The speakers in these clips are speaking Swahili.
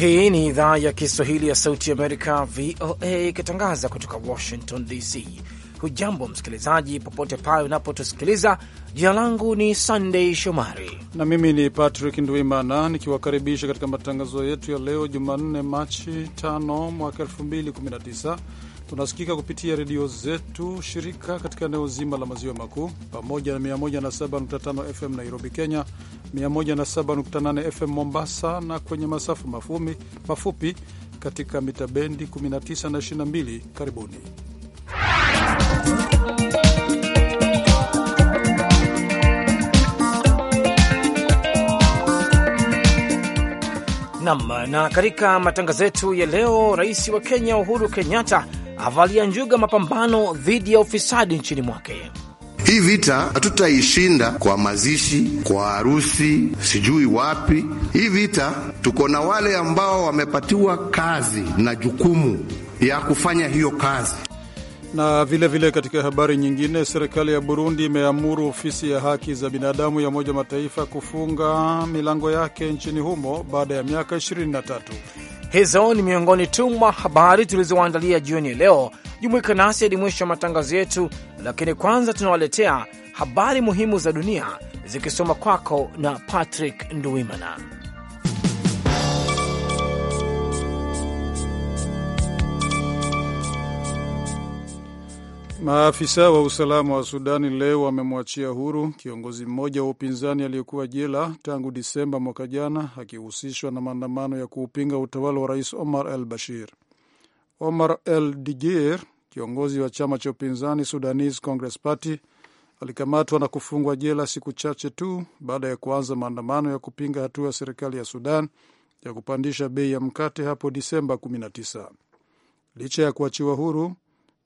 Hii ni idhaa ya Kiswahili ya Sauti ya Amerika, VOA, ikitangaza kutoka Washington DC. Hujambo msikilizaji, popote pale unapotusikiliza. Jina langu ni sandey Shomari na mimi ni Patrick Ndwimana, nikiwakaribisha katika matangazo yetu ya leo Jumanne, Machi 5 mwaka 2019 Tunasikika kupitia redio zetu shirika katika eneo zima la maziwa makuu pamoja na 107.5 FM Nairobi, Kenya, 107.8 FM Mombasa, na kwenye masafa mafumi, mafupi katika mita bendi 19 na 22. Karibuni. Nam na katika matangazo yetu ya leo, rais wa Kenya Uhuru Kenyatta avalia njuga mapambano dhidi ya ufisadi nchini mwake. Hii vita hatutaishinda kwa mazishi, kwa harusi, sijui wapi. Hii vita tuko na wale ambao wamepatiwa kazi na jukumu ya kufanya hiyo kazi. Na vilevile vile, katika habari nyingine, serikali ya Burundi imeamuru ofisi ya haki za binadamu ya Umoja Mataifa kufunga milango yake nchini humo baada ya miaka 23. Hizo ni miongoni tu mwa habari tulizoandalia jioni ya leo. Jumuika nasi hadi mwisho wa matangazo yetu, lakini kwanza tunawaletea habari muhimu za dunia zikisoma kwako na Patrick Nduwimana. Maafisa wa usalama wa Sudani leo wamemwachia huru kiongozi mmoja wa upinzani aliyekuwa jela tangu Disemba mwaka jana akihusishwa na maandamano ya kuupinga utawala wa rais Omar al Bashir. Omar el Digir, kiongozi wa chama cha upinzani Sudanese Congress Party, alikamatwa na kufungwa jela siku chache tu baada ya kuanza maandamano ya kupinga hatua ya serikali ya Sudan ya kupandisha bei ya mkate hapo Disemba 19. Licha ya kuachiwa huru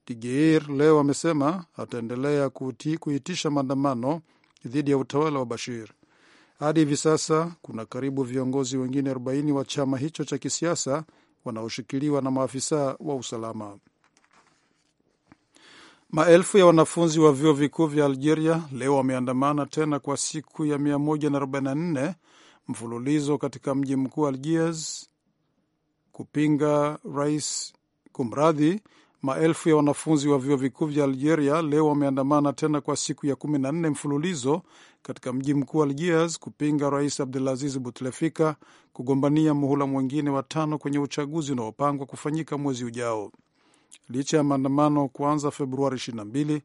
Tigir leo amesema ataendelea kuitisha maandamano dhidi ya utawala wa Bashir. Hadi hivi sasa kuna karibu viongozi wengine 40 wa chama hicho cha kisiasa wanaoshikiliwa na maafisa wa usalama. Maelfu ya wanafunzi wa vyuo vikuu vya Algeria leo wameandamana tena kwa siku ya 144 mfululizo katika mji mkuu Algiers kupinga rais kumradhi, Maelfu ya wanafunzi wa vyuo vikuu vya Algeria leo wameandamana tena kwa siku ya kumi na nne mfululizo katika mji mkuu Algiers kupinga Rais Abdelaziz Butlefika kugombania muhula mwingine wa tano kwenye uchaguzi unaopangwa kufanyika mwezi ujao. Licha ya maandamano kuanza Februari 22,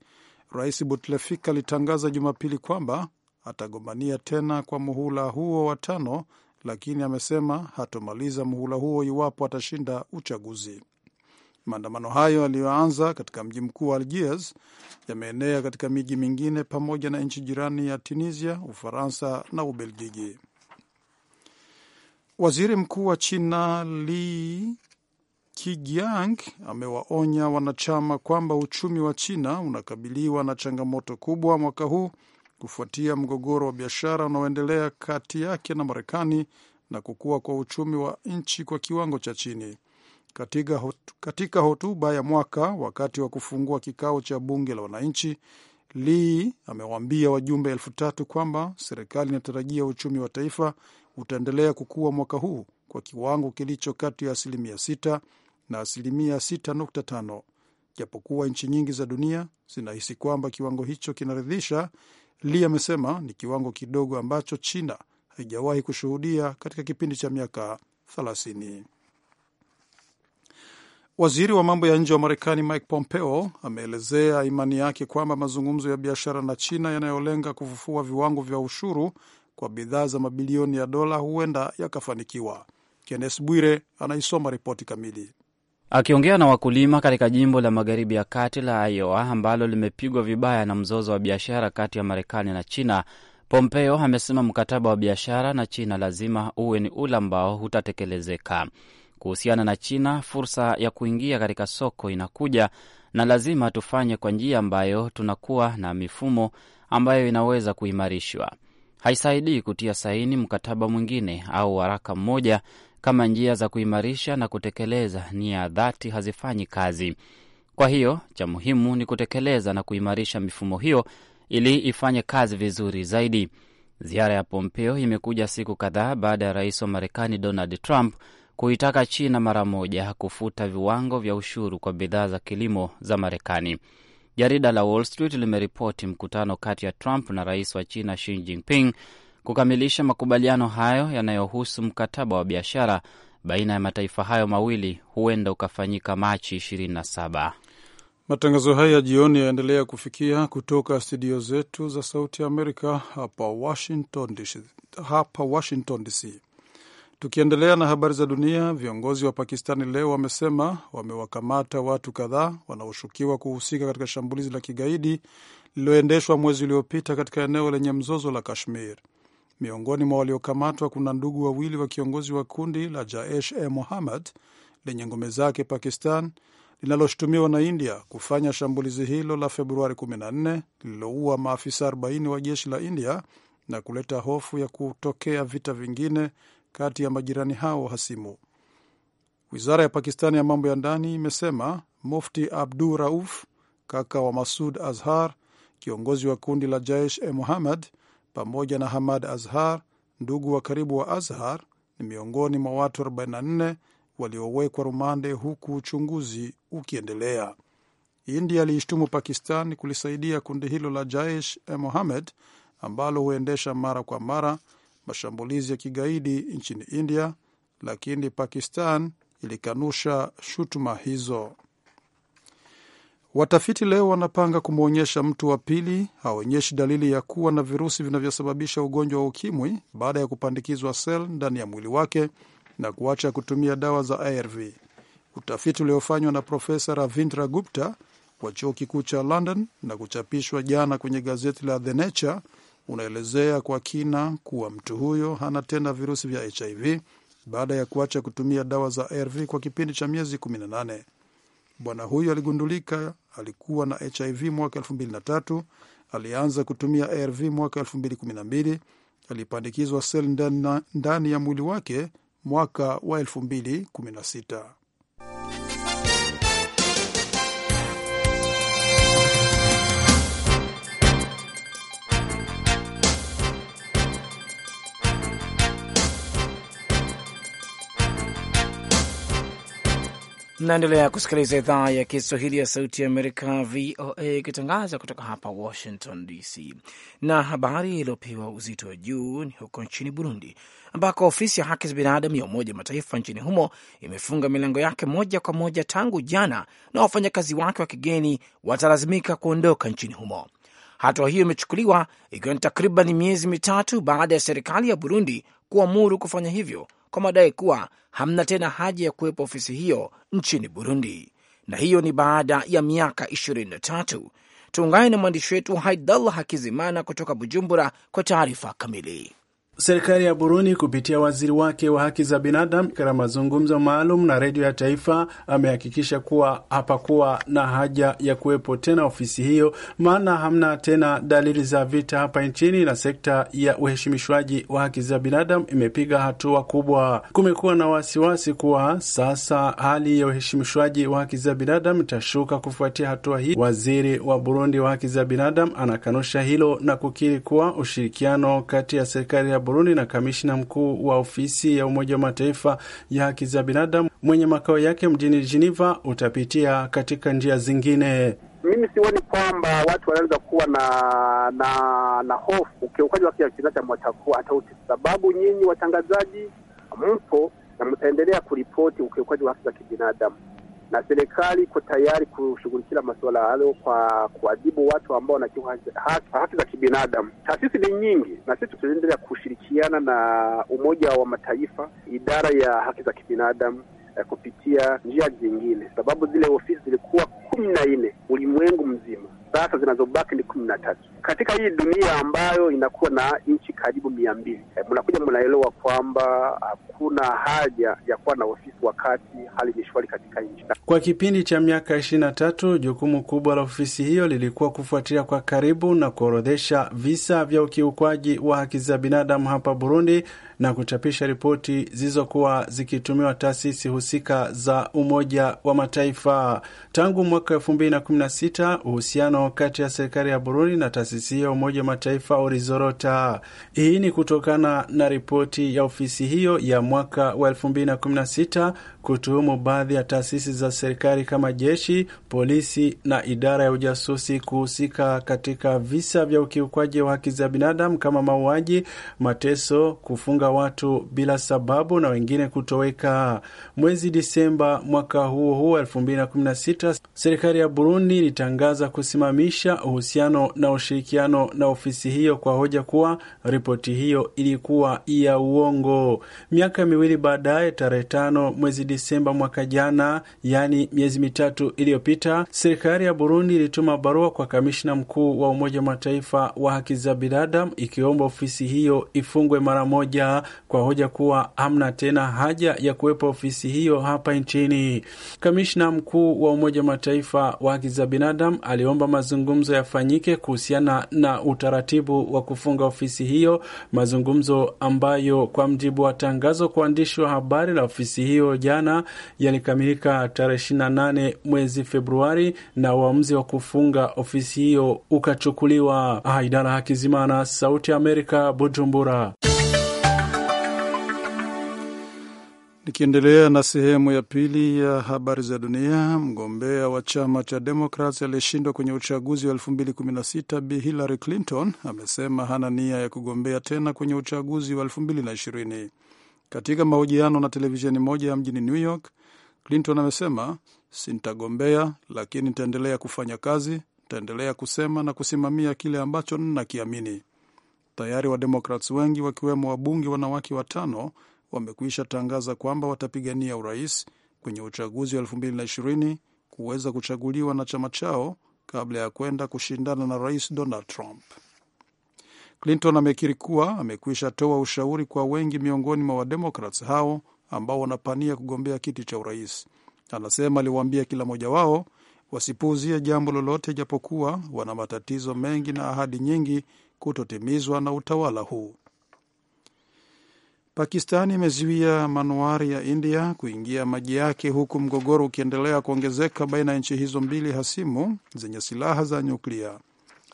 Rais Butlefika alitangaza Jumapili kwamba atagombania tena kwa muhula huo wa tano, lakini amesema hatomaliza muhula huo iwapo atashinda uchaguzi. Maandamano hayo yaliyoanza katika mji mkuu wa Algiers yameenea katika miji mingine pamoja na nchi jirani ya Tunisia, Ufaransa na Ubelgiji. Waziri mkuu wa China Li Kigiang amewaonya wanachama kwamba uchumi wa China unakabiliwa na changamoto kubwa mwaka huu kufuatia mgogoro wa biashara unaoendelea kati yake na Marekani na kukua kwa uchumi wa nchi kwa kiwango cha chini. Katika, hot, katika hotuba ya mwaka wakati wa kufungua kikao cha bunge la wananchi, Lee amewaambia wajumbe elfu tatu kwamba serikali inatarajia uchumi wa taifa utaendelea kukua mwaka huu kwa kiwango kilicho kati ya asilimia 6 na asilimia 6.5. Japokuwa nchi nyingi za dunia zinahisi kwamba kiwango hicho kinaridhisha, Lee amesema ni kiwango kidogo ambacho China haijawahi kushuhudia katika kipindi cha miaka 30. Waziri wa mambo ya nje wa Marekani Mike Pompeo ameelezea imani yake kwamba mazungumzo ya biashara na China yanayolenga kufufua viwango vya ushuru kwa bidhaa za mabilioni ya dola huenda yakafanikiwa. Kennes Bwire anaisoma ripoti kamili. Akiongea na wakulima katika jimbo la magharibi ya kati la Iowa ambalo limepigwa vibaya na mzozo wa biashara kati ya Marekani na China, Pompeo amesema mkataba wa biashara na China lazima uwe ni ule ambao hutatekelezeka. Kuhusiana na China, fursa ya kuingia katika soko inakuja, na lazima tufanye kwa njia ambayo tunakuwa na mifumo ambayo inaweza kuimarishwa. Haisaidii kutia saini mkataba mwingine au waraka mmoja kama njia za kuimarisha na kutekeleza nia ya dhati hazifanyi kazi. Kwa hiyo cha muhimu ni kutekeleza na kuimarisha mifumo hiyo ili ifanye kazi vizuri zaidi. Ziara ya Pompeo imekuja siku kadhaa baada ya rais wa Marekani Donald Trump kuitaka China mara moja kufuta viwango vya ushuru kwa bidhaa za kilimo za Marekani. Jarida la Wall Street limeripoti mkutano kati ya Trump na rais wa China Xi Jinping kukamilisha makubaliano hayo yanayohusu mkataba wa biashara baina ya mataifa hayo mawili huenda ukafanyika Machi 27. Matangazo haya ya jioni yaendelea kufikia kutoka studio zetu za Sauti ya Amerika hapa Washington DC. Tukiendelea na habari za dunia, viongozi wa Pakistani leo wamesema wamewakamata watu kadhaa wanaoshukiwa kuhusika katika shambulizi la kigaidi lililoendeshwa mwezi uliopita katika eneo lenye mzozo la Kashmir. Miongoni mwa waliokamatwa kuna ndugu wawili wa kiongozi wa kundi la Jaish e Mohammed lenye ngome zake Pakistan, linaloshutumiwa na India kufanya shambulizi hilo la Februari 14 lililoua maafisa 40 wa jeshi la India na kuleta hofu ya kutokea vita vingine kati ya majirani hao hasimu. Wizara ya Pakistani ya mambo ya ndani imesema Mufti Abdu Rauf, kaka wa Masud Azhar, kiongozi wa kundi la Jaish e Muhammad, pamoja na Hamad Azhar, ndugu wa karibu wa Azhar, ni miongoni mwa watu 44 waliowekwa rumande huku uchunguzi ukiendelea. India aliishtumu Pakistan kulisaidia kundi hilo la Jaish e Mohammed ambalo huendesha mara kwa mara mashambulizi ya kigaidi nchini India, lakini Pakistan ilikanusha shutuma hizo. Watafiti leo wanapanga kumwonyesha mtu wa pili haonyeshi dalili ya kuwa na virusi vinavyosababisha ugonjwa wa ukimwi baada ya kupandikizwa sel ndani ya mwili wake na kuacha kutumia dawa za ARV. Utafiti uliofanywa na Profesa Ravindra Gupta wa chuo kikuu cha London na kuchapishwa jana kwenye gazeti la The Nature unaelezea kwa kina kuwa mtu huyo hana tena virusi vya HIV baada ya kuacha kutumia dawa za ARV kwa kipindi cha miezi 18. Bwana huyo aligundulika alikuwa na HIV mwaka 2003. Alianza kutumia ARV mwaka 2012. Alipandikizwa seli ndani ya mwili wake mwaka wa 2016. naendelea kusikiliza idhaa ya Kiswahili ya Sauti ya Amerika, VOA, ikitangaza kutoka hapa Washington DC. Na habari iliyopewa uzito wa juu ni huko nchini Burundi, ambako ofisi ya haki za binadamu ya Umoja Mataifa nchini humo imefunga milango yake moja kwa moja tangu jana, na wafanyakazi wake wa kigeni watalazimika kuondoka nchini humo. Hatua hiyo imechukuliwa ikiwa ni takriban miezi mitatu baada ya serikali ya Burundi kuamuru kufanya hivyo kwa madai kuwa hamna tena haja ya kuwepo ofisi hiyo nchini Burundi, na hiyo ni baada ya miaka 23. Tuungane na mwandishi wetu Haidallah Hakizimana kutoka Bujumbura kwa taarifa kamili. Serikali ya Burundi kupitia waziri wake wa haki za binadamu katika mazungumzo maalum na redio ya taifa amehakikisha kuwa hapakuwa na haja ya kuwepo tena ofisi hiyo, maana hamna tena dalili za vita hapa nchini na sekta ya uheshimishwaji wa haki za binadamu imepiga hatua kubwa. Kumekuwa na wasiwasi kuwa sasa hali ya uheshimishwaji wa haki za binadamu itashuka kufuatia hatua hii. Waziri wa Burundi wa haki za binadamu anakanusha hilo na kukiri kuwa ushirikiano kati ya serikali ya Burundi na kamishna mkuu wa ofisi ya Umoja wa Mataifa ya haki za binadamu mwenye makao yake mjini Geneva utapitia katika njia zingine. Mimi sioni kwamba watu wanaweza kuwa na na na hofu ukiukaji wa kiakinadamu watakuwa hatauti, sababu nyinyi watangazaji mpo na mtaendelea kuripoti ukiukaji wa haki za kibinadamu na serikali iko tayari kushughulikia masuala hayo kwa kuadhibu watu ambao wanakiuka haki za kibinadamu. Taasisi ni nyingi, na sisi tunaendelea kushirikiana na Umoja wa Mataifa, idara ya haki za kibinadamu eh, kupitia njia zingine, sababu zile ofisi zilikuwa kumi na nne ulimwengu mzima. Sasa zinazobaki ni kumi na tatu katika hii dunia ambayo inakuwa na nchi karibu mia mbili. Eh, mnakuja mnaelewa kwamba hakuna haja ya kuwa na ofisi wakati hali ni shwari katika nchi. Kwa kipindi cha miaka ishirini na tatu, jukumu kubwa la ofisi hiyo lilikuwa kufuatilia kwa karibu na kuorodhesha visa vya ukiukwaji wa haki za binadamu hapa Burundi na kuchapisha ripoti zilizokuwa zikitumiwa taasisi husika za Umoja wa Mataifa tangu mwaka sita uhusiano kati ya serikali ya Burundi na taasisi ya Umoja Mataifa ulizorota. Hii ni kutokana na ripoti ya ofisi hiyo ya mwaka wa sita kutuhumu baadhi ya taasisi za serikali kama jeshi, polisi na idara ya ujasusi kuhusika katika visa vya ukiukwaji wa haki za binadamu kama mauaji, mateso, kufunga watu bila sababu na wengine kutoweka. Mwezi Disemba mwaka huo huo 2016 serikali ya Burundi ilitangaza kusimamisha uhusiano na ushirikiano na ofisi hiyo kwa hoja kuwa ripoti hiyo ilikuwa ya uongo. Miaka miwili baadaye, tarehe tano mwezi Disemba mwaka jana, yaani miezi mitatu iliyopita, serikali ya Burundi ilituma barua kwa kamishna mkuu wa Umoja wa Mataifa wa haki za binadamu ikiomba ofisi hiyo ifungwe mara moja kwa hoja kuwa hamna tena haja ya kuwepo ofisi hiyo hapa nchini. Kamishna mkuu wa Umoja wa Mataifa Kimataifa wa Haki za Binadamu aliomba mazungumzo yafanyike kuhusiana na utaratibu wa kufunga ofisi hiyo, mazungumzo ambayo kwa mjibu wa tangazo kwa waandishi wa habari la ofisi hiyo jana yalikamilika tarehe 28 mwezi Februari na uamuzi wa kufunga ofisi hiyo ukachukuliwa. Haidara Hakizimana, Sauti ya Amerika, Bujumbura. Nikiendelea na sehemu ya pili ya habari za dunia, mgombea wa chama cha Demokrat aliyeshindwa kwenye uchaguzi wa 2016 Bi Hillary Clinton amesema hana nia ya kugombea tena kwenye uchaguzi wa 2020. Katika mahojiano na televisheni moja ya mjini New York, Clinton amesema sintagombea, lakini nitaendelea kufanya kazi, nitaendelea kusema na kusimamia kile ambacho ninakiamini. Tayari Wademokrats wengi wakiwemo wabunge wanawake watano wamekwisha tangaza kwamba watapigania urais kwenye uchaguzi wa 2020 kuweza kuchaguliwa na chama chao kabla ya kwenda kushindana na rais Donald Trump. Clinton amekiri kuwa amekwisha toa ushauri kwa wengi miongoni mwa Wademokrats hao ambao wanapania kugombea kiti cha urais. Anasema aliwaambia kila mmoja wao wasipuuzie jambo lolote, japokuwa wana matatizo mengi na ahadi nyingi kutotimizwa na utawala huu. Pakistani imezuia manuari ya India kuingia maji yake huku mgogoro ukiendelea kuongezeka baina ya nchi hizo mbili hasimu zenye silaha za nyuklia.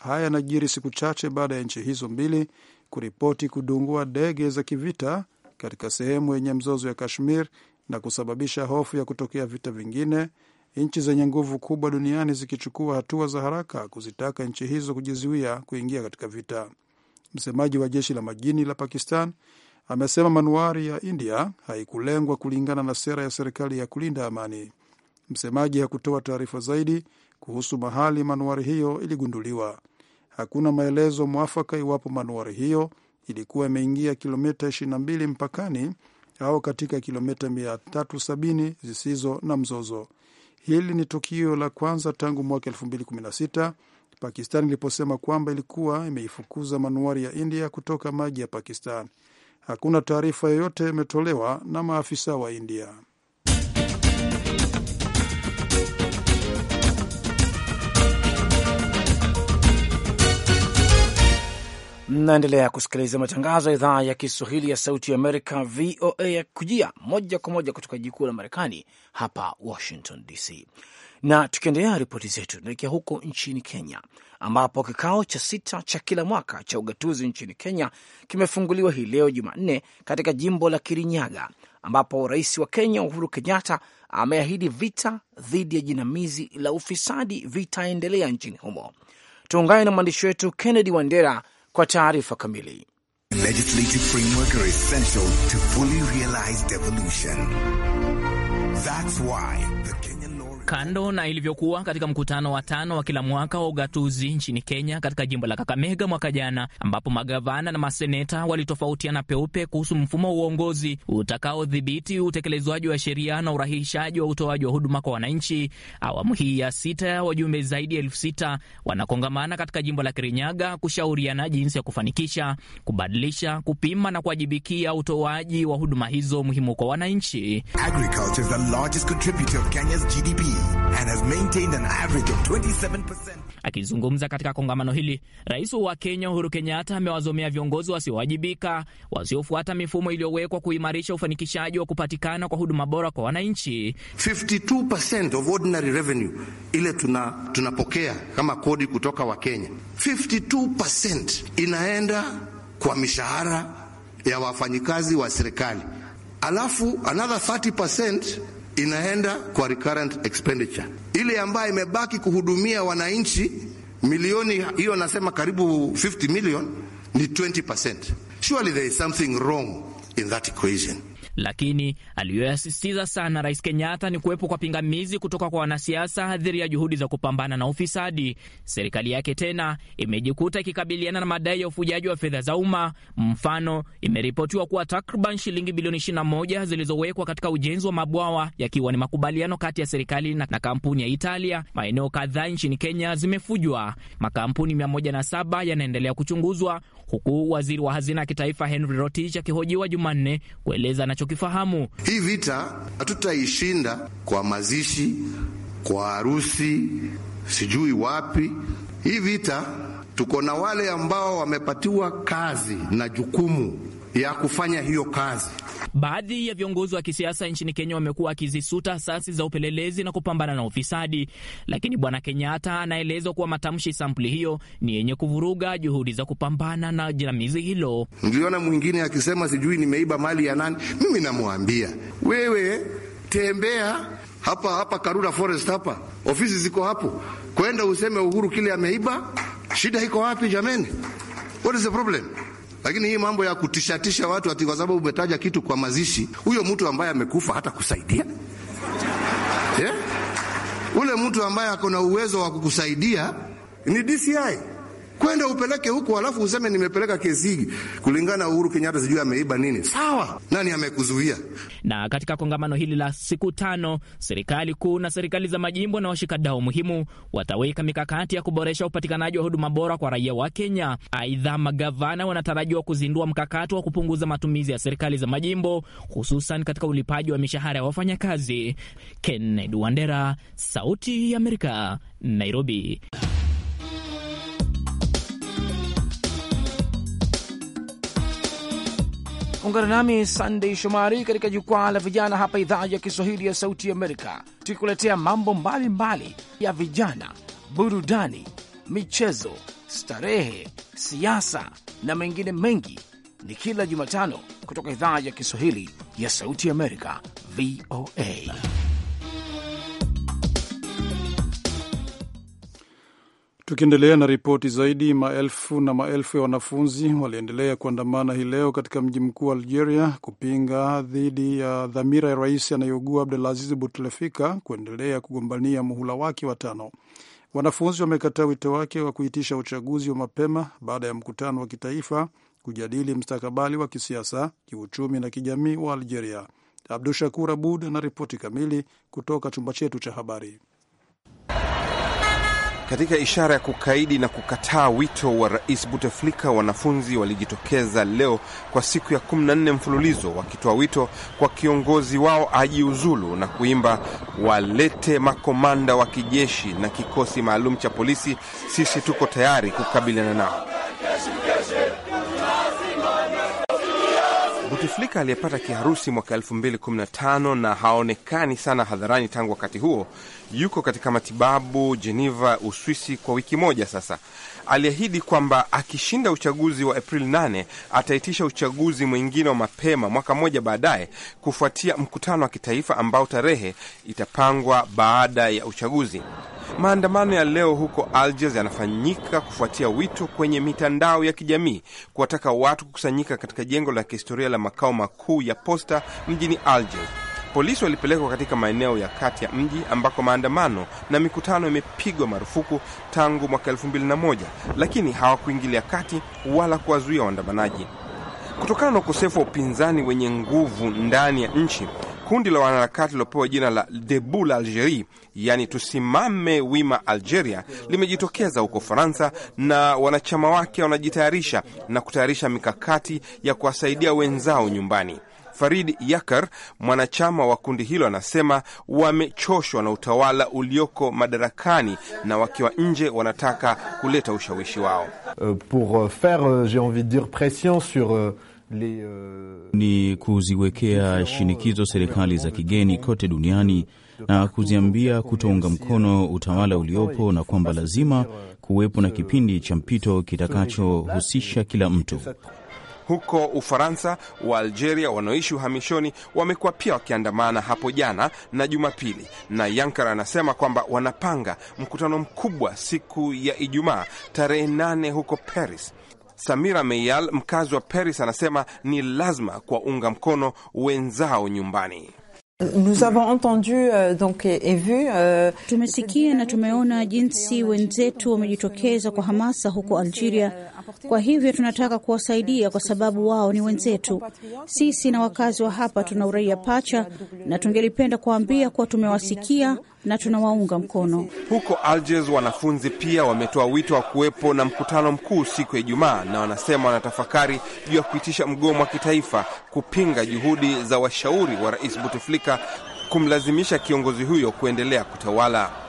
Haya yanajiri siku chache baada ya nchi hizo mbili kuripoti kudungua ndege za kivita katika sehemu yenye mzozo ya Kashmir na kusababisha hofu ya kutokea vita vingine, nchi zenye nguvu kubwa duniani zikichukua hatua za haraka kuzitaka nchi hizo kujizuia kuingia katika vita. Msemaji wa jeshi la majini la Pakistan amesema manuari ya India haikulengwa kulingana na sera ya serikali ya kulinda amani. Msemaji hakutoa taarifa zaidi kuhusu mahali manuari hiyo iligunduliwa. Hakuna maelezo mwafaka iwapo manuari hiyo ilikuwa imeingia kilomita 22 mpakani au katika kilomita 370 zisizo na mzozo. Hili ni tukio la kwanza tangu mwaka 2016 Pakistan iliposema kwamba ilikuwa imeifukuza manuari ya India kutoka maji ya Pakistan. Hakuna taarifa yoyote imetolewa na maafisa wa India. Mnaendelea kusikiliza matangazo ya idhaa ya Kiswahili ya Sauti ya Amerika, VOA, ya kujia moja kwa moja kutoka jiji kuu la Marekani, hapa Washington DC. Na tukiendelea ripoti zetu, tunaelekea huko nchini Kenya ambapo kikao cha sita cha kila mwaka cha ugatuzi nchini Kenya kimefunguliwa hii leo Jumanne katika jimbo la Kirinyaga, ambapo rais wa Kenya Uhuru Kenyatta ameahidi vita dhidi ya jinamizi la ufisadi vitaendelea nchini humo. Tuungane na mwandishi wetu Kennedy Wandera kwa taarifa kamili. That's why the Kenya Kando na ilivyokuwa katika mkutano wa tano wa kila mwaka wa ugatuzi nchini Kenya katika jimbo la Kakamega mwaka jana, ambapo magavana na maseneta walitofautiana peupe kuhusu mfumo wa uongozi utakaodhibiti utekelezwaji wa sheria na urahisishaji wa utoaji wa huduma kwa wananchi, awamu hii ya sita ya wajumbe zaidi ya elfu sita wanakongamana katika jimbo la Kirinyaga kushauriana jinsi ya kufanikisha, kubadilisha, kupima na kuwajibikia utoaji wa huduma hizo muhimu kwa wananchi and has maintained an average of 27%. Akizungumza katika kongamano hili, rais wa Kenya Uhuru Kenyatta amewazomea viongozi wasiowajibika wasiofuata mifumo iliyowekwa kuimarisha ufanikishaji wa kupatikana kwa huduma bora kwa wananchi. 52% of ordinary revenue ile tuna, tunapokea kama kodi kutoka Wakenya, 52% inaenda kwa mishahara ya wafanyikazi wa serikali alafu another 30% inaenda kwa recurrent expenditure, ile ambayo imebaki kuhudumia wananchi milioni hiyo, nasema karibu 50 million ni 20%. Surely there is something wrong in that equation lakini aliyoyasisitiza sana Rais Kenyatta ni kuwepo kwa pingamizi kutoka kwa wanasiasa dhiri ya juhudi za kupambana na ufisadi. Serikali yake tena imejikuta ikikabiliana na madai ya ufujaji wa fedha za umma. Mfano, imeripotiwa kuwa takriban shilingi bilioni 21 zilizowekwa katika ujenzi wa mabwawa yakiwa ni makubaliano kati ya serikali na kampuni ya Italia. Maeneo kadhaa nchini Kenya zimefujwa. Makampuni 107 yanaendelea kuchunguzwa huku waziri wa hazina ya kitaifa Henry Rotich akihojiwa Jumanne kueleza anachokifahamu. Hii vita hatutaishinda kwa mazishi, kwa harusi, sijui wapi. Hii vita tuko na wale ambao wamepatiwa kazi na jukumu ya kufanya hiyo kazi Baadhi ya viongozi wa kisiasa nchini Kenya wamekuwa wakizisuta asasi za upelelezi na kupambana na ufisadi, lakini bwana Kenyatta anaelezwa kuwa matamshi sampuli hiyo ni yenye kuvuruga juhudi za kupambana na jinamizi hilo. Niliona mwingine akisema sijui nimeiba mali ya nani. Mimi namwambia wewe, tembea hapa hapa Karura Forest hapa, ofisi ziko hapo, kwenda useme Uhuru kile ameiba. Shida iko wapi jameni? What is the problem? Lakini hii mambo ya kutishatisha watu ati kwa sababu umetaja kitu kwa mazishi, huyo mtu ambaye amekufa hata kusaidia yeah? Ule mtu ambaye ako na uwezo wa kukusaidia ni DCI kwenda upeleke huko, alafu useme nimepeleka kesi hii kulingana Uhuru Kenyatta, sijui ameiba nini. Sawa, nani amekuzuia? Na katika kongamano hili la siku tano, serikali kuu na serikali za majimbo na washikadau muhimu wataweka mikakati ya kuboresha upatikanaji wa huduma bora kwa raia wa Kenya. Aidha, magavana wanatarajiwa kuzindua mkakati wa kupunguza matumizi ya serikali za majimbo, hususan katika ulipaji wa mishahara ya wafanyakazi. Kennedy Wandera, Sauti ya Amerika, Nairobi. Ungana nami Sandey Shomari katika jukwaa la vijana hapa idhaa ya Kiswahili ya Sauti Amerika, tukikuletea mambo mbalimbali mbali ya vijana, burudani, michezo, starehe, siasa na mengine mengi. Ni kila Jumatano kutoka idhaa ya Kiswahili ya Sauti Amerika, VOA. Tukiendelea na ripoti zaidi, maelfu na maelfu ya wanafunzi waliendelea kuandamana hii leo katika mji mkuu wa Algeria kupinga dhidi ya dhamira ya rais anayeugua Abdelaziz Butlefika kuendelea kugombania muhula wake wa tano. Wanafunzi wamekataa wito wake wa kuitisha uchaguzi wa mapema baada ya mkutano wa kitaifa kujadili mstakabali wa kisiasa, kiuchumi na kijamii wa Algeria. Abdu Shakur Abud ana ripoti kamili kutoka chumba chetu cha habari. Katika ishara ya kukaidi na kukataa wito wa Rais Buteflika, wanafunzi walijitokeza leo kwa siku ya 14 mfululizo wakitoa wito kwa kiongozi wao ajiuzulu na kuimba walete makomanda wa kijeshi na kikosi maalum cha polisi, sisi tuko tayari kukabiliana nao. Buteflika aliyepata kiharusi mwaka 2015 na haonekani sana hadharani tangu wakati huo, yuko katika matibabu Geneva, Uswisi kwa wiki moja sasa aliahidi kwamba akishinda uchaguzi wa Aprili 8 ataitisha uchaguzi mwingine wa mapema mwaka mmoja baadaye kufuatia mkutano wa kitaifa ambao tarehe itapangwa baada ya uchaguzi. Maandamano ya leo huko Algiers yanafanyika kufuatia wito kwenye mitandao ya kijamii kuwataka watu kukusanyika katika jengo la kihistoria la makao makuu ya posta mjini Algiers. Polisi walipelekwa katika maeneo ya kati ya mji ambako maandamano na mikutano imepigwa marufuku tangu mwaka elfu mbili na moja, lakini hawakuingilia kati wala kuwazuia waandamanaji. Kutokana na ukosefu wa upinzani wenye nguvu ndani ya nchi, kundi la wanaharakati lilopewa jina la Debout l'Algerie, yaani tusimame wima Algeria, limejitokeza huko Faransa, na wanachama wake wanajitayarisha na kutayarisha mikakati ya kuwasaidia wenzao nyumbani. Farid Yakar, mwanachama wa kundi hilo, anasema wamechoshwa na utawala ulioko madarakani na wakiwa nje wanataka kuleta ushawishi wao. Euh, pour euh, faire, euh, j'ai envie de dire pression sur ni kuziwekea shinikizo serikali za kigeni kote duniani na kuziambia kutounga mkono utawala uliopo na kwamba lazima kuwepo na kipindi cha mpito kitakachohusisha kila mtu huko Ufaransa, wa algeria wanaoishi uhamishoni wamekuwa pia wakiandamana hapo jana na Jumapili, na Yankara anasema kwamba wanapanga mkutano mkubwa siku ya Ijumaa tarehe nane huko Paris. Samira Meyal, mkazi wa Paris, anasema ni lazima kuwaunga mkono wenzao nyumbani. Euh, euh, Tumesikia na tumeona jinsi wenzetu wamejitokeza kwa hamasa huko Algeria kwa hivyo tunataka kuwasaidia kwa sababu wao ni wenzetu. Sisi na wakazi wa hapa tuna uraia pacha, na tungelipenda kuambia kuwa tumewasikia na tunawaunga mkono. Huko Algiers, wanafunzi pia wametoa wito wa kuwepo na mkutano mkuu siku ya Ijumaa, na wanasema wanatafakari juu ya kuitisha mgomo wa kitaifa kupinga juhudi za washauri wa Rais Bouteflika kumlazimisha kiongozi huyo kuendelea kutawala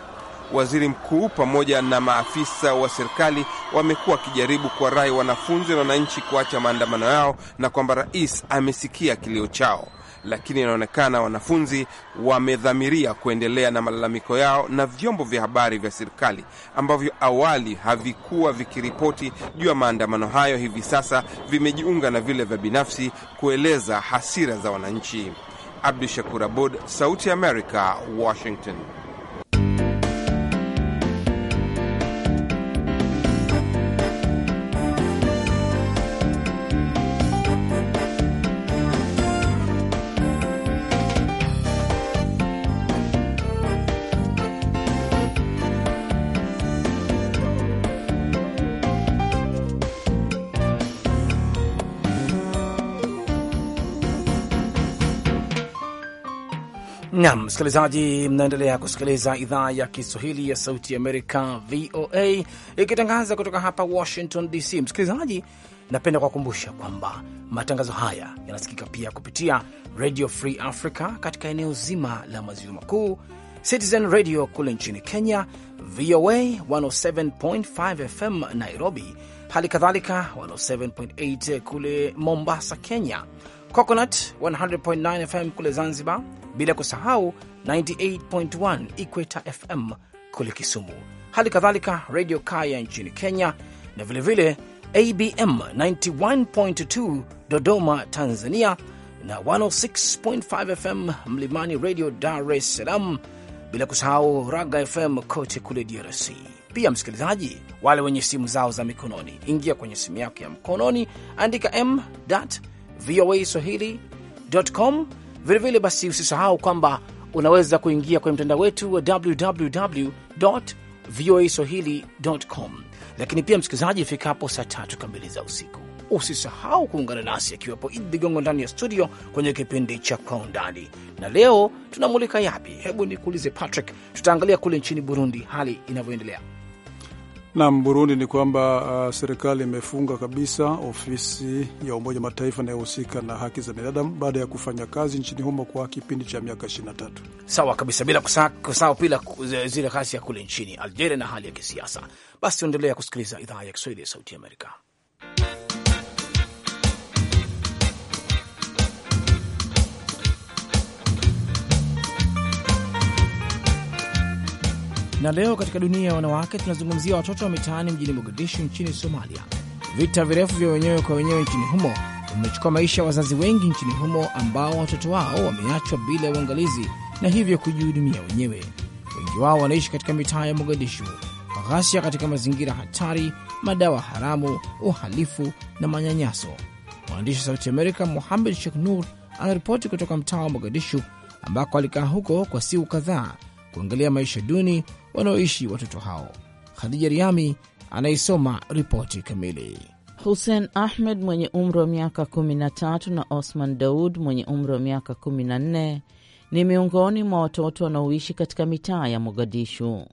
waziri mkuu pamoja na maafisa wa serikali wamekuwa wakijaribu kuwarai wanafunzi na wananchi kuacha maandamano yao na kwamba rais amesikia kilio chao, lakini inaonekana wanafunzi wamedhamiria kuendelea na malalamiko yao, na vyombo vya habari vya serikali ambavyo awali havikuwa vikiripoti juu ya maandamano hayo hivi sasa vimejiunga na vile vya binafsi kueleza hasira za wananchi. Abdu Shakur Abud, Sauti ya Amerika, Washington. Nam msikilizaji, mnaendelea kusikiliza idhaa ya Kiswahili ya Sauti ya Amerika, VOA, ikitangaza kutoka hapa Washington DC. Msikilizaji, napenda kuwakumbusha kwamba matangazo haya yanasikika pia kupitia Radio Free Africa katika eneo zima la maziwa makuu, Citizen Radio kule nchini Kenya, VOA 107.5 FM Nairobi, hali kadhalika 107.8 kule Mombasa, Kenya, Coconut 100.9 FM kule Zanzibar, bila kusahau 98.1 Equator FM kule Kisumu, hali kadhalika Radio Kaya nchini Kenya na vilevile vile ABM 91.2 Dodoma, Tanzania na 106.5 FM Mlimani Radio Dar es Salaam, bila kusahau Raga FM kote kule DRC. Pia msikilizaji, wale wenye simu zao za mikononi, ingia kwenye simu yako ya mkononi, andika m voa swahili.com. Vilevile basi, usisahau kwamba unaweza kuingia kwenye mtandao wetu wa www voa swahili.com. Lakini pia msikilizaji, ifikapo saa tatu kamili za usiku usisahau kuungana nasi akiwepo Idi Ligongo ndani ya studio kwenye kipindi cha Kwa Undani. Na leo tunamulika yapi? Hebu nikuulize Patrick, tutaangalia kule nchini Burundi hali inavyoendelea. Nam Burundi ni kwamba uh, serikali imefunga kabisa ofisi ya Umoja Mataifa inayohusika na haki za binadamu baada ya kufanya kazi nchini humo kwa kipindi cha miaka 23. Sawa kabisa, bila kusahau pila zile ya kule nchini Algeria na hali ya kisiasa. Basi tuendelea kusikiliza idhaa ya Kiswahili ya Sauti Amerika. Na leo katika dunia ya wanawake tunazungumzia watoto wa mitaani mjini Mogadishu nchini Somalia. Vita virefu vya wenyewe kwa wenyewe nchini humo vimechukua maisha ya wazazi wengi nchini humo ambao watoto wao wameachwa bila ya uangalizi na hivyo kujihudumia wenyewe. Wengi wao wanaishi katika mitaa ya Mogadishu. Ghasia katika mazingira hatari, madawa haramu, uhalifu na manyanyaso. Mwandishi wa Sauti Amerika Muhamed Sheikh Nur anaripoti kutoka mtaa wa Mogadishu ambako alikaa huko kwa siku kadhaa kuangalia maisha duni wanaoishi watoto hao. Khadija Riami anaisoma ripoti kamili. Hussein Ahmed mwenye umri wa miaka 13 na Osman Daud mwenye umri wa miaka 14 ni miongoni mwa watoto wanaoishi katika mitaa ya Mogadishu.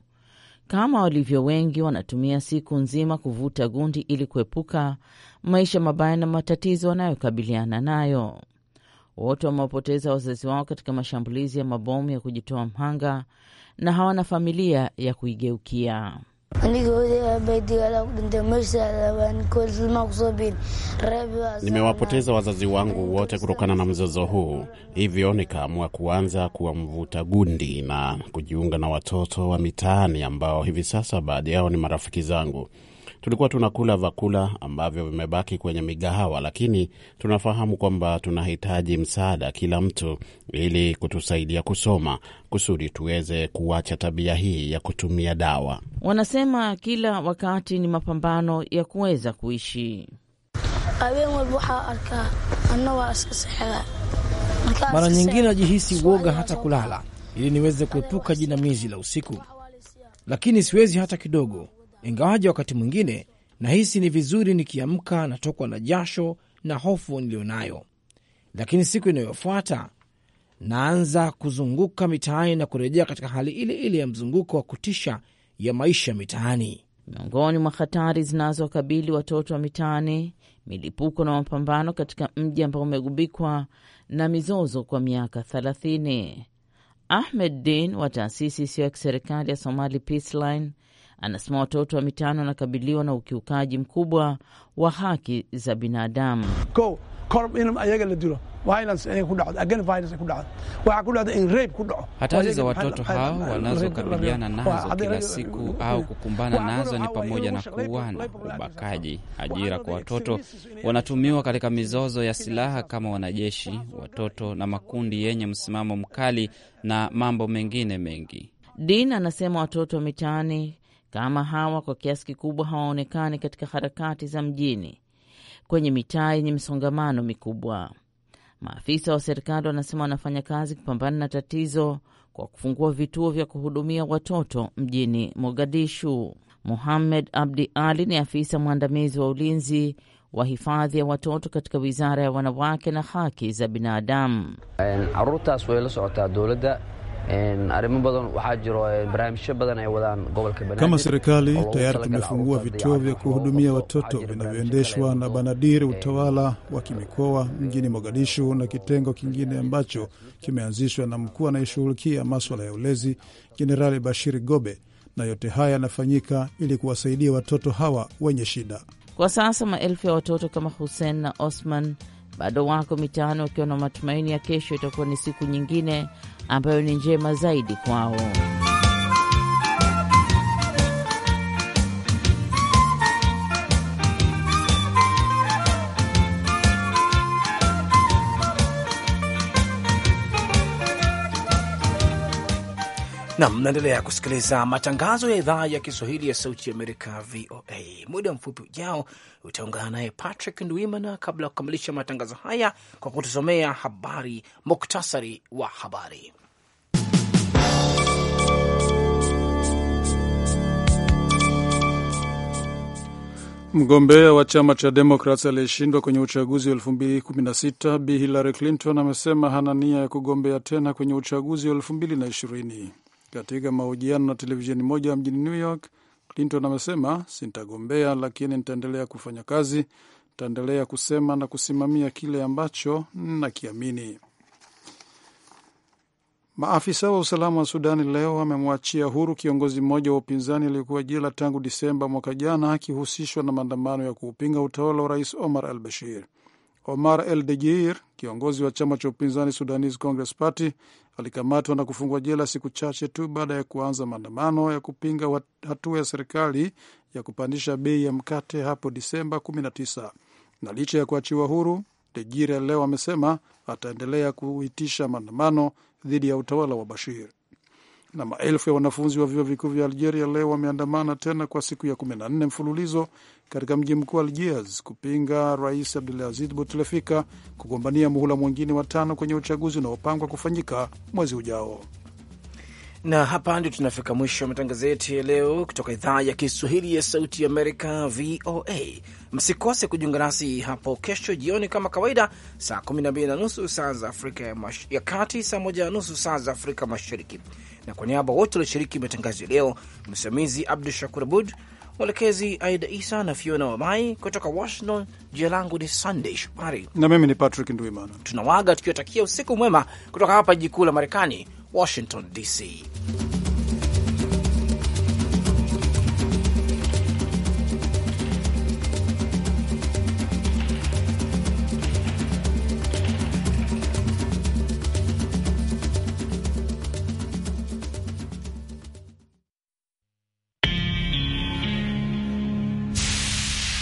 Kama walivyo wengi, wanatumia siku nzima kuvuta gundi ili kuepuka maisha mabaya na matatizo wanayokabiliana nayo. Wote wamewapoteza wazazi wao katika mashambulizi ya mabomu ya kujitoa mhanga na hawana familia ya kuigeukia. Nimewapoteza wazazi wangu wote kutokana na mzozo huu, hivyo nikaamua kuanza kuwa mvuta gundi na kujiunga na watoto wa mitaani ambao hivi sasa baadhi yao ni marafiki zangu tulikuwa tunakula vyakula ambavyo vimebaki kwenye migahawa, lakini tunafahamu kwamba tunahitaji msaada kila mtu, ili kutusaidia kusoma kusudi tuweze kuacha tabia hii ya kutumia dawa. Wanasema kila wakati ni mapambano ya kuweza kuishi. Mara nyingine najihisi uoga hata kulala, ili niweze kuepuka jinamizi la usiku, lakini siwezi hata kidogo ingawaja wakati mwingine nahisi ni vizuri nikiamka natokwa na jasho na hofu niliyonayo, lakini siku inayofuata naanza kuzunguka mitaani na kurejea katika hali ile ile ya mzunguko wa kutisha ya maisha mitaani. Miongoni mwa hatari zinazokabili watoto wa mitaani, milipuko na mapambano katika mji ambao umegubikwa na mizozo kwa miaka thelathini. Ahmed Din wa taasisi isiyo ya kiserikali ya Somali Peaceline, anasema watoto wa mitaani wanakabiliwa na ukiukaji mkubwa wa haki za binadamu. Hatari za watoto hao wanazokabiliana nazo kila siku au kukumbana nazo ni pamoja na kuuana, ubakaji, ajira kwa watoto, wanatumiwa katika mizozo ya silaha kama wanajeshi, watoto na makundi yenye msimamo mkali na mambo mengine mengi. Din anasema watoto wa mitaani kama hawa kwa kiasi kikubwa hawaonekani katika harakati za mjini kwenye mitaa yenye misongamano mikubwa. Maafisa wa serikali wanasema wanafanya kazi kupambana na tatizo kwa kufungua vituo vya kuhudumia watoto mjini Mogadishu. Muhammed Abdi Ali ni afisa mwandamizi wa ulinzi wa hifadhi ya watoto katika wizara ya wanawake na haki za binadamu. Eh, kama serikali tayari tumefungua vituo vya kuhudumia watoto vinavyoendeshwa na Banadir, eh, utawala wa kimikoa mjini Mogadishu, na kitengo kingine ambacho kimeanzishwa na mkuu anayeshughulikia maswala ya ulezi Jenerali Bashir Gobe, na yote haya yanafanyika ili kuwasaidia watoto hawa wenye shida. Kwa sasa maelfu ya watoto kama Hussein na Osman bado wako mitaani wakiwa na matumaini ya kesho itakuwa ni siku nyingine ambayo ni njema zaidi kwao. na mnaendelea kusikiliza matangazo ya idhaa ya Kiswahili ya Sauti Amerika, VOA. Muda mfupi ujao utaungana naye Patrick Ndwimana, kabla ya kukamilisha matangazo haya kwa kutusomea habari, muktasari wa habari. Mgombea wa chama cha Demokrat aliyeshindwa kwenye uchaguzi wa 2016 Bi Hillary Clinton amesema hana nia ya kugombea tena kwenye uchaguzi wa 2020. Katika mahojiano na televisheni moja mjini New York, Clinton amesema sintagombea, lakini nitaendelea kufanya kazi, nitaendelea kusema na kusimamia kile ambacho nakiamini. Maafisa wa usalama wa Sudani leo wamemwachia huru kiongozi mmoja wa upinzani aliyekuwa jela tangu Disemba mwaka jana akihusishwa na maandamano ya kuupinga utawala wa rais Omar al Bashir. Omar El Degir, kiongozi wa chama cha upinzani Sudanese Congress Party, alikamatwa na kufungwa jela siku chache tu baada ya kuanza maandamano ya kupinga hatua ya serikali ya kupandisha bei ya mkate hapo Disemba 19. Na licha ya kuachiwa huru, Degir leo amesema ataendelea kuitisha maandamano dhidi ya utawala wa Bashir. Na maelfu ya wanafunzi wa vyuo vikuu vya Algeria leo wameandamana tena kwa siku ya 14 mfululizo katika mji mkuu Algiers kupinga Rais Abdulaziz butlefika kugombania muhula mwingine wa tano kwenye uchaguzi unaopangwa kufanyika mwezi ujao. Na hapa ndio tunafika mwisho wa matangazo yetu ya leo kutoka idhaa ya Kiswahili ya Sauti ya Amerika, VOA. Msikose kujiunga nasi hapo kesho jioni kama kawaida, saa 12 na nusu saa za Afrika ya Kati, saa 1 na nusu saa za Afrika Mashariki. Na kwa niaba wote walioshiriki matangazo ya leo, msimamizi Abdu Shakur Abud, Mwelekezi Aida Isa na Fiona Wamai kutoka Washington. Jina langu ni Sunday Shomari na mimi ni Patrick nduimana Tunawaga tukiwatakia usiku mwema kutoka hapa jiji kuu la Marekani, Washington DC.